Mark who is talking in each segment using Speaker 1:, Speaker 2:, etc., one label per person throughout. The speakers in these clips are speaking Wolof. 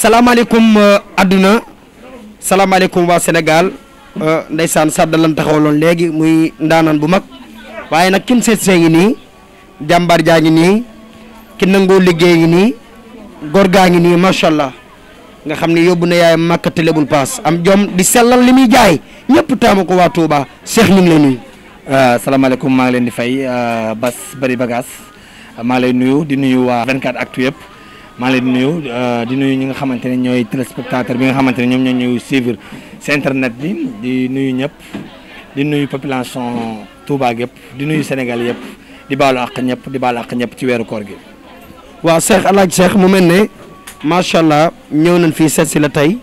Speaker 1: salaamaaleykum euh, àdduna salaamaaleykum waa Sénégal euh, ndeysaan sàdd lan taxawaloon léegi muy ndaanaan bu mag waaye nag kin seet see ngi nii jàmbaar jaa ngi nii ki nangoo liggéey ngi nii góor gaa ngi nii macha allah nga xam ne yóbbu na yaay màkkate lebul paas am jom di sellal li muy jaay ñëpp taamu ko waa Touba Cheikh ñu ngi lay nuyu. Euh, salaamaaleykum maa ngi leen di fay Bas Bari
Speaker 2: Bagaas maa lay nuyu di nuyu waa 24 actu yëpp. maa leen di nuyu euh, di nuyu ñi nga xamante ne ñooy téléspectateur bi nga xamante ne ñoom ñoo ñuy suivre si internet bi di nuyu ñëpp di nuyu population Touba yëpp di nuyu Sénégal yëpp di baalu àq
Speaker 1: ñëpp di baalu àq ñëpp ci weeru koor gi. waaw Cheikh El Hadj mu mel ne macha allah ñëw nañ fii seet si la tey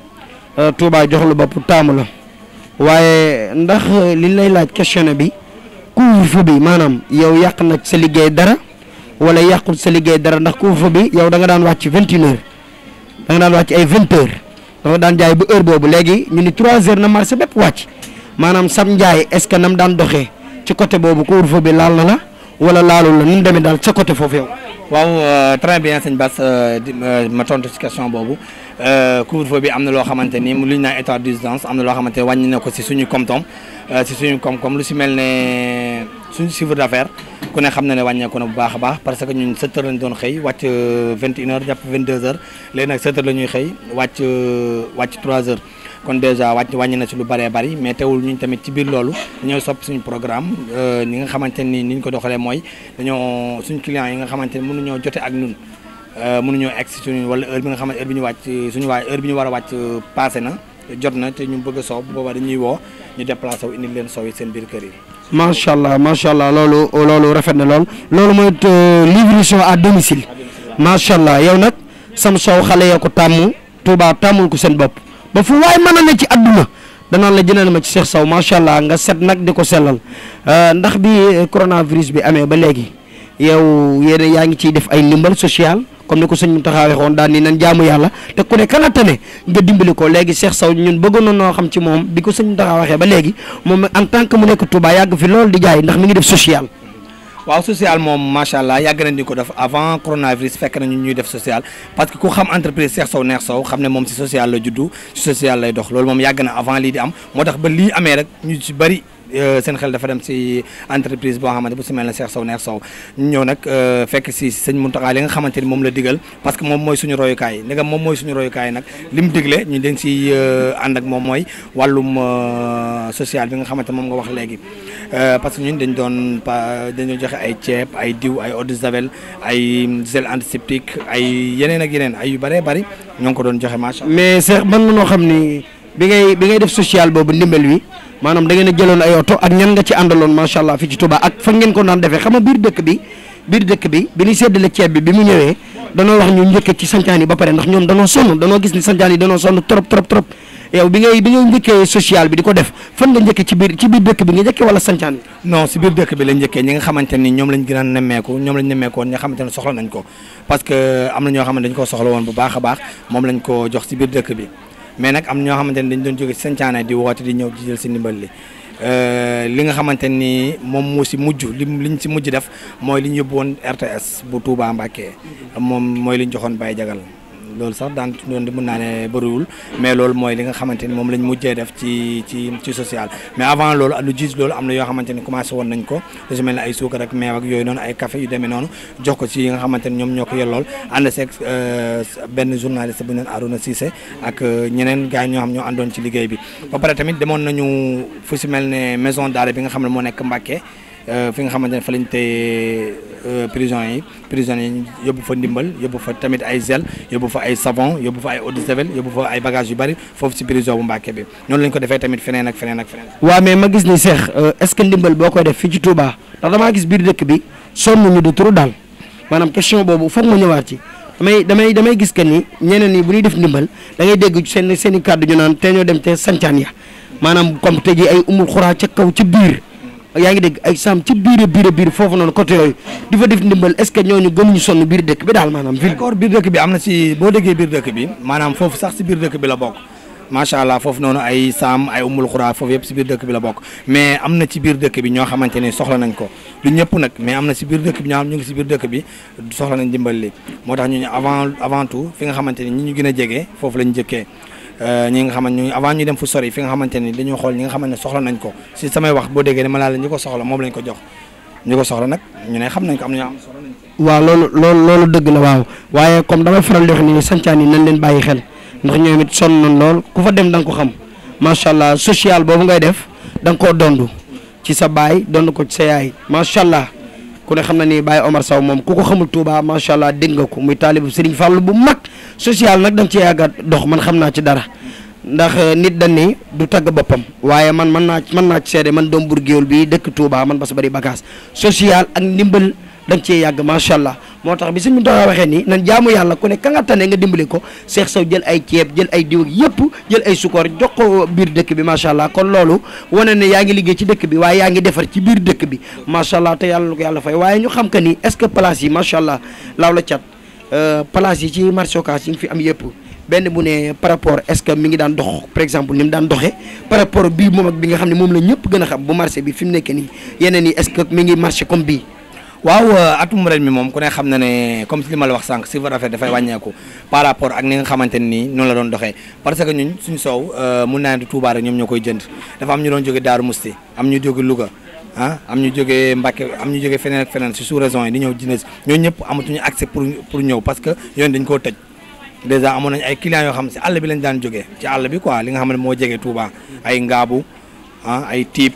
Speaker 1: euh, Touba jox lu bopp taamu la waaye ndax li lay laaj question bi couvre-feu bi maanaam yow yàq nag sa liggéey dara. wala yàqu sa liggéey dara ndax couvre-feu bi yow da nga daan wàcc vingt une heures da nga daan wàcc ay vingt heures dafa daan jaay ba heure boobu léegi ñu ni trois heures na marché bépp wàcc maanaam sam njaay est-ce que nam daan doxe ci côté boobu couvre bi laal na wala laalul la nu demee daal sa côté foofu yow.
Speaker 2: waaw euh, très bien sëñ Bass euh, euh, ma tontu question boobu couvre-feu bi am na loo xamante ni lu ñu naa état d'urgence am na loo xamante ni wàññi na ko si suñu koom si suñu koom-koom lu si mel ne. suñu chiffre affaire ku ne xam na ne wàññeeku na bu baax baax parce que ñun 7 heures lañ doon xëy wàcc 21 euh, heures jàpp 22 heures léegi nag 7 heures xëy wàcc euh, wàcc 3 heures kon déjà wàcc wàññi na ci lu bëree bëri mais teewul ñun tamit ci biir loolu dañoo sopp suñu programme euh, ni nga xamante ni ni ñu ko doxalee mooy dañoo suñu clients yi nga xamante ni mënuñoo jote ak ñun mënuñoo egg si suñu wala heure bi nga xamante heure bi ñu wàcc suñu waa heure bi ñu war a wàcc passé na jot na te ñu bëgg a soow bu boobaa dañuy woo ñu déplacé wu indil leen soow seen biir kër yi
Speaker 1: macha allah macha allah loolu loolu rafet na lool loolu mooy euh, livraison à domicile macha allah yow nag sam soow xale ya ko tàmm Touba tàmmul ko seen bopp ba fu waay mën a ne ci àdduna danaan la jënal ma ci Cheikh Sow macha allah nga set nag di ko sellal euh, ndax bi euh, coronavirus bi amee ba léegi yow yéen yaa ngi ciy def ay ndimbal social. comme ni ko sëñ Mountakha waxoon daal ni nan jaamu yàlla te ku ne kana tane nga dimbali ko léegi Cheikh Sow ñun bëggoon noo xam ci moom bi ko sëñ Mountakha waxee ba léegi moom en tant que mu nekk Touba yàgg fi loolu di jaay ndax mi ngi def social.
Speaker 2: waaw social moom macha allah yàgg nañ di ko def avant coronavirus fekk nañu ñuy def social parce que ku xam entreprise Cheikh Sow Neex Sow xam ne moom si social la juddu si lay dox loolu moom yàgg na avant lii di am moo tax ba lii amee rek ñu ci bari Euh, seen xel dafa dem si entreprise boo xamante bu si mel ne Cheikh Sow Neex Sow ñu ñëw nag euh, fekk si sëñ Mountakha li nga xamante ni moom la digal parce que moom mooy suñu royukaay ndegam moom mooy suñu royukaay nag li digle ñu den si euh, ànd ak moom mooy wàllum social bi nga xamante moom nga wax léegi parce que ñun dañ doon dañoo joxe ay ceeb ay diw ay eau de javel ay gel antiseptique ay yeneen ak yeneen ay yu bëree bëri ñoo ngi ko
Speaker 1: doon joxe macha bi ngay bi ngay def social boobu ndimbal wi maanaam da ngeen a jëloon ay oto ak ñan nga ci àndaloon macha allah fii ci Touba ak fa ngeen ko daan defee xam nga biir dëkk bi biir bi bi ñu séddale ceeb bi bi mu ñëwee danoo wax ñu njëkkee ci santaan yi ba pare ndax ñoom danoo sonn danoo gis ni santaan yi danoo sonn trop trop trop yow bi ngay bi ngay njëkkee social bi di ko def fan nga njëkkee ci biir ci biir dëkk bi nga njëkkee wala santaan
Speaker 2: yi non si biir dëkk bi la njëkkee nga xamante ni ñoom lañ gën a nemmeeku ñoom lañ nemmeeku woon ñi nga xamante ne soxla nañ ko xam ne ko soxla woon bu baax a baax moom lañ ko jox si biir dëkk bi mais nag am ñoo xamante ni dañ doon jóge sancaane di woote di ñëw di jël si ndimbal li euh, li nga xamante ni moom moo si mujj li liñ si mujj def mooy li ñu yóbbu woon RTS bu Touba Mbacké moom mooy li ñu joxoon Baye Jagal loolu sax daan doon di mën naa ne bëriwul mais loolu mooy li nga xamante ni moom lañ mujjee def ci social mais avant loolu lu loolu am na yoo xamante ni commencé woon nañ ko lu si mel ne ay suukar ak meew ñoo ko yellool ànd seeg euh, euh, ci liggéey bi ba pare tamit demoon nañu fu si mel ne maison daara bi nga xam ne moo nekk Mbàkke Euh, fi nga xamante ne fa lañ tey euh, prison yi prison yi yóbbu fa ndimbal yóbbu fa tamit ay gel yóbbu fa ay savon yóbbu fa ay eau de javel yóbbu fa ay bagages yu bari foofu ci prison bu Mbàkke bi noonu lañ ko defee tamit feneen ak feneen ak feneen.
Speaker 1: waaw ma gis ni Cheikh euh, est-ce que ndimbal boo koy def fii ci Touba ndax damaa gis biir dëkk bi sonn ñu de daal maanaam question boobu foog ma ñëwaat ci. damay damay damay gis que ni ñeneen yi bu ñuy def ndimbal da ngay dégg seen seen i kàddu ñu naan te ñoo dem te sancaan ya maanaam comme te ji ay umul xuraa ca kaw ci biir yaa ngi dégg ay saam ci biir biir biir foofu noonu côté yooyu di fa def ndimbal est-ce que ñooñu gënuñu sonn biir dëkk bi daal maanaam ville biir dëkk bi am na si boo déggee biir dëkk bi
Speaker 2: maanaam foofu sax si biir dëkk bi la bokk macha allah foofu noonu ay saam ay umul xuraa yëpp si biir dëkk bi la bokk mais am na ci biir dëkk bi ñoo xamante ni soxla nañ ko du ñëpp nag mais am na si biir dëkk bi ñoo xam ñu ngi si biir dëkk bi soxla nañ dimbal li moo tax ñu ne avant avant tout fi nga xamante ni ñi ñu gën a jege foofu lañ jëkkee Euh, ñi nga xamante ñu avant ñu dem fu sori fi nga xamante ni dañoo xool ñi nga xamante ne soxla nañ ko si samay wax boo déggee dama laa ko soxla moom lañ ko jox ñi ko soxla nag ñu ne xam nañ ko am nañu am soxla
Speaker 1: nañ ko waaw loolu loolu loolu dëgg la waaw waaye comme damay faral di wax ni sancaan yi nañ leen bàyyi xel ndax ñoom it sonn nañ lool ku fa dem da ko xam macha allah social boobu ngay def da nga koo dond ci sa baay dond ko ci sa yaay macha allah ku ne xam na ni Baye Omar saw moom ku ko xamul Touba macha allah dégg nga ko muy taalibu Serigne Fallou bu mag social nag danga ci yàgga dox man xam naa ci dara ndax eh, nit dañ ni du tàgg boppam waaye man man naa mën naa ci seede man doom bur géwél bi dëkk Touba man Bass Bari Bagaas social ak ndimbal danga cee yàgg macha allah moo tax bi suñu doon waxee ni nan jaamu yàlla ku ne ka nga tane nga dimbali ko seex saw jël ay ceeb jël ay diw yëpp jël ay sukkoor jox ko biir dëkk bi macha allah kon loolu wane ne yaa ngi liggéey ci dëkk bi waaye yaa ngi defar ci biir dëkk bi macha allah te yàlla lu ko yàlla fay waaye ñu xam que ni est-ce que place yi macha allah laaw la cat euh, place yi ci marché Ocass yi nga fi am yëpp benn bu ne par rapport est-ce ngi daan dox par exemple ni mu daan doxee par rapport bii nga xam ne moom la ñëpp gën a xam bu fi mu nekk nii yeneen yi est-ce que mi bii waaw euh, atum
Speaker 2: ren mi moom ku ne xam na ne comme si li ma la wax sànq chiffre dafay wàññeeku par rapport ak ni nga xamante ne nii noonu la doon doxee parce que ñun suñu soow euh, mun naa ne ñoom ñoo koy jënd dafa am ñu doon jóge Daaru Musti am ñu jóge Louga ah am ñu jógee Mbacke am ñu jógee feneen ak si sous raison yi di ñëw jënd si ñëpp amatuñu accès pour pour ñëw parce que yoon dañ koo tëj dèjà amoon nañ ay clients yoo xam si àll bi lañ daan jógee ci àll bi quoi li nga xam ne moo jege Touba ay ngaabu ah ay tiib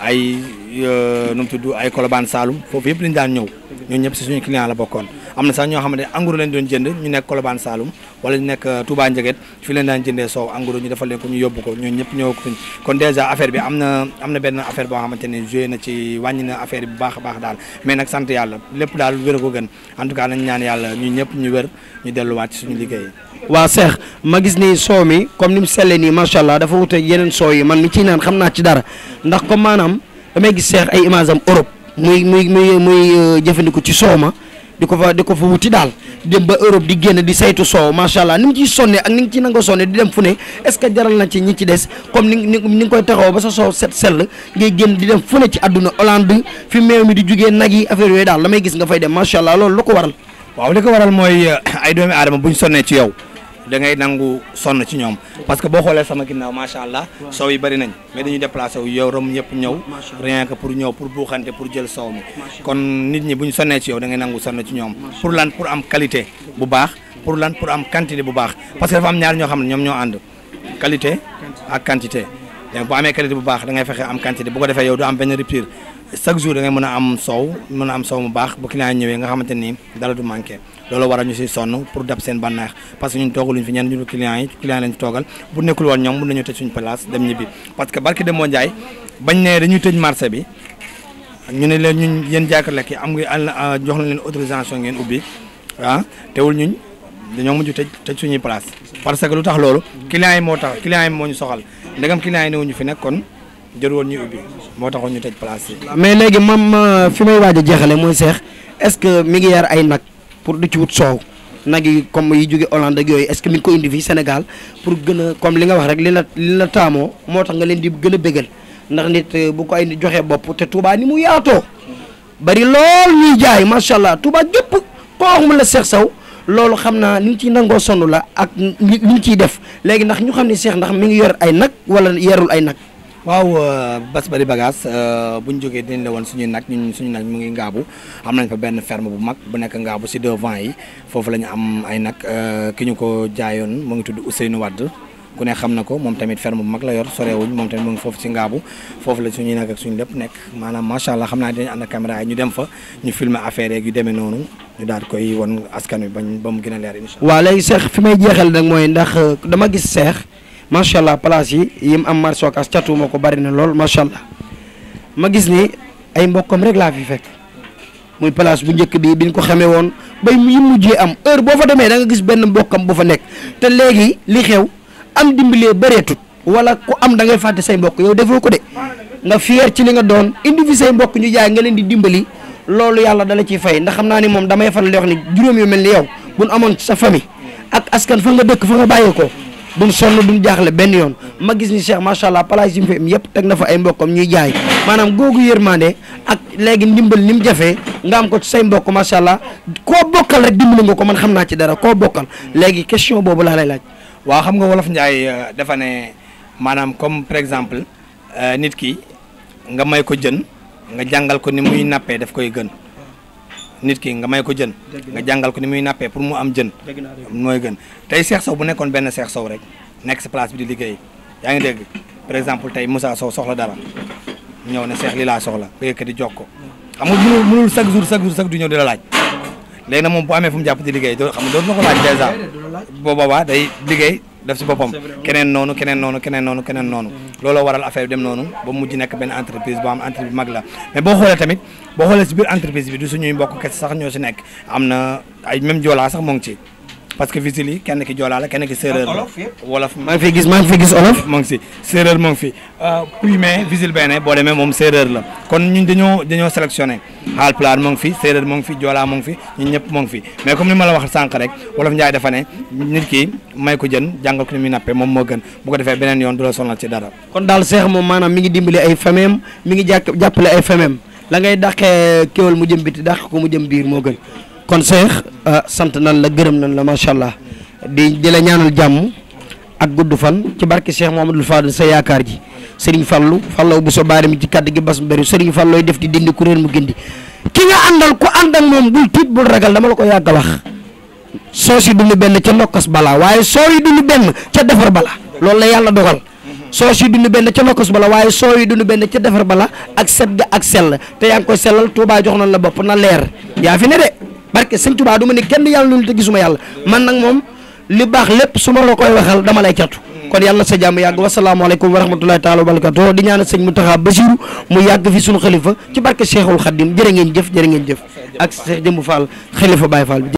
Speaker 2: ay euh, nu tuddu ay Colobane saalum foofu yëpp lañ daan ñëw ñooñu ñëpp si suñu client la bokkoon am na sax ñoo xamante ne anguro doon jënd ñu nekk Colobane Saloum wala ñu nekk euh, Touba Njeget fi leen daan jëndee soow anguro ñu defal leen ko ñu yóbbu ko ñoo ñëpp ñëw ko kon dèjà affaire bi am na am na benn affaire boo xamante ne joué na ci wàññi na bi baax a baax daal mais nag sant yàlla lépp daal wér ko gën en nañ ñaan yàlla ñu ñëpp ñu wér ñu delluwaat ci suñu liggéey
Speaker 1: waa Cheikh ma gis ni soow mi comme ni mu selle nii macha allah dafa wute yeneen soow yi man mi ciy naan xam naa ci dara ndax comme maanaam damay gis am Europe muy muy muy muy euh, jëfandiku ci soow ma di ko fa di ko fa wuti daal dem ba Europe di génn di saytu soow macha allah ni mu ciy sonne ak ni nga ci nangoo sonne di dem fu ne est-ce que jaral na ci ñi ci des comme ni ni ni nga koy taxaw ba sa soow set sell ngay génn di dem fu ne ci àdduna Hollande fi meew mi di jugee nag yi affaire yooyu daal la may gis nga fay dem macha allah loolu lu ko waral. waaw li ko waral mooy ay doomi aadama buñ sonnee ci yow. da ngay
Speaker 2: nangu sonn ci ñoom parce que boo xoolee sama ginnaaw macha allah soow yi bëri nañ mais dañuy déplacé wu yow rom ñëpp ñëw pour ñëw pour buuxante pour jël soow mi kon nit ñi bu ñu sonnee ci yow da ngay nangu sonn ci ñoom pour lan pour am qualité bu baax pour lan pour am quantité bu baax parce que dafa am ñaar ñoo xam ne ñoom ñoo ànd qualité ak quantité donc bu amee qualité bu baax da ngay fexe am quantité bu ko defee yow du am benn rupture chaque jour da ngay mën a am soow mën a am soow mu baax bu client ñëwee nga xamante ni dara du manqué loolu a ñu si sonn pour dab seen bànneex parce que ñun toogaluñ fi ñenn ñu client yi client lañ toogal bu nekkul woon ñoom mën nañu tëj suñu place dem ñibbi parce que barki Demba Ndiaye bañ ne dañuy tëj marché bi ñu ne leen ñun yéen jaakar lekk yi am nga ah, jox nañ leen autorisation ngeen ubbi ah teewul ñun dañoo mujj tëj tëj suñuy place parce que lu tax loolu client yi moo tax client yi moo ñu soxal ndegam client yi ñu fi nekkoon jër woon ñu moo taxoon ñu tëj place mais
Speaker 1: léegi mam euh, fi may waaj a jeexale mooy seex est-ce que mi ngi yar ay nag pour du ci wut soow nag yi comme yi jóge Hollande ak yooyu est-ce mi ngi ko indi fii Sénégal pour gën a comme li nga wax rek li la la taamoo moo tax nga leen di gën a bégal ndax nit euh, bu ko ay joxee bopp te Touba ni mu yaatoo bari lool ñuy jaay macha allah Touba gépp koo wax mu la seex saw loolu xam naa ni ñu ciy nangoo sonn la ak li ñu ciy def léegi ndax ñu xam ne seex ndax mi ngi yor ay nag wala yarul ay nag. waaw euh,
Speaker 2: bas bari bagage euh, bu ñu jógee dinañ la woon suñu nag ñu suñu nag mu ngi ngaabu am nañ fa benn ferme bu mag bu nekk ngaabu si devant yi foofu la ñu am ay nag euh, ki ñu ko jaayoon mu ngi tudd Ousseynou Wade ku ne xam na ko moom tamit ferme bu mag la yor sorewuñ moom tamit mu ngi foofu si ngaabu foofu la suñuy nag ak suñu lépp nekk maanaam macha allah xam naa dinañ ànd caméra yi ñu dem fa ñu filmer affaire yeeg yu demee noonu ñu daal koy won askan wi bañ ba mu gën a leer incha allah. waaw
Speaker 1: léegi Cheikh gis Cheikh. macha allah place yi yim am marché Ocass catuma ko bari na loolu macha allah ma gis ni ay mbokkam rek laa fi fekk muy place bu njëkk bii bi biñ ko xamee woon bay yi mujjee am heure boo fa demee da nga gis benn mbokkam bu fa nekk te léegi li xew am dimbalee bëreetut wala ko am da ngay fàtte say mbokk yow defoo ko de nga fier ci li nga doon indi fi say mbokk ñu jaay nga leen di dimbali loolu yàlla dala ciy fay ndax xam naa ni moom damay fan di wax ni juróom mel ni yow buñ amoon sa famille ak askan fa nga dëkk fa nga bàyyi duñ sonn duñ jaaxle benn yoon ma gis ni Cheikh macha allah place yi mu am yëpp teg na fa ay mbokkam ñuy jaay maanaam googu yërmande ak léegi ndimbal ni mu jafee nga am ko ci say mbokk macha allah koo bokkal rek dimbali nga ko man xam naa ci dara koo bokkal léegi question boobu laa lay laaj. waa xam nga wolof Njaay
Speaker 2: euh, dafa ne maanaam comme par exemple euh, nit ki nga may ko jën nga jàngal ko ni muy nappee daf koy gën. nit ki nga may ko jën nga jàngal ko ni muy nappee pour mu am jën mooy gën tey Cheikh Sow bu nekkoon benn Cheikh Sow rek nekk si place bi di liggéey yaa ngi dégg par exemple tey Moussa Sow soxla dara ñëw ne Cheikh li laa soxla nga yëkkati jox ko xam nga mënul mënul chaque jour chaque jour chaque du ñëw di laaj léegi nag moom bu amee fu mu jàpp di liggéey doo xam doo dootu la ko laaj dèjà boo boobaa day liggéey def si boppam keneen noonu keneen noonu keneen noonu keneen noonu mm-hmm. looloo waral affaire bi dem noonu ba mujj nekk benn entreprise boo am entreprise mag la mais boo xoolee tamit boo xoolee si biir entreprise bi du suñuy mbokk kese sax ñoo si nekk am na ay même joolaa sax moo ngi ci parce que vigiles yi kenn ki joolaa la kenn ki séeréer la wolof maa ngi fi gis maa ngi fi gis olof moo ngi fi euh, puy mais vigile benn boo demee moom séeréer la kon ñu dañoo dañoo sélectionné haalpulaar moo ngi fi moo ngi fi joolaa moo ngi fi ñun ñëpp moo ngi fi mais comme ni ma la wax sànq rek wolof njaay dafa nit ki may ko jën jàngal ko ni muy nappe moom moo gën bu ko defee beneen yoon du la sonal ci dara
Speaker 1: kon daal seex moom maanaam mi ngi dimbali ay famem mi ngi jàppale ay famem la ngay dàqee kéwal mu jëm biti dàq ko mu jëm biir moo gën kon Cheikh euh, sant nan la gërëm nan la macha allah di di la ñaanal jàmm ak gudd fan ci barke Cheikh Mouhamadul Fadil sa yaakaar ji Serigne Fallou Fallou bu so baa mi ci kadd gi bas mbéru Serigne Fallou def di dindi kuréel mu gindi ki nga àndal ku ànd ak moom bul tiit bul ragal dama la ko yàgg a wax soo si dunu benn ca nokkas balaa waaye soo yi dunu benn ca defar bala loolu la yàlla dogal soo si dunu benn ca nokkas bala waaye soo yi dunu ca defar bala ak set ga ak sell te yaa ngi koy sellal Touba jox nañ la bopp na leer yaa fi ne barke sëñ Tuubaa du ma ne kenn yàlla nunu te gisuma yàlla man nag moom li baax lépp su ma la koy waxal dama lay catu kon yàlla na sa jàmm yàgg wasalaamaaleykum wa rahmatulahi taala wa barakatu di ñaanal sëñ Mountakha Bassirou mu yàgg fi suñu xalifa ci barke Cheikhul Khadim jërë ngeen jëf jërë ngeen jëf ak Cheikh Jëmbu Fall xalifa Baye Fall bi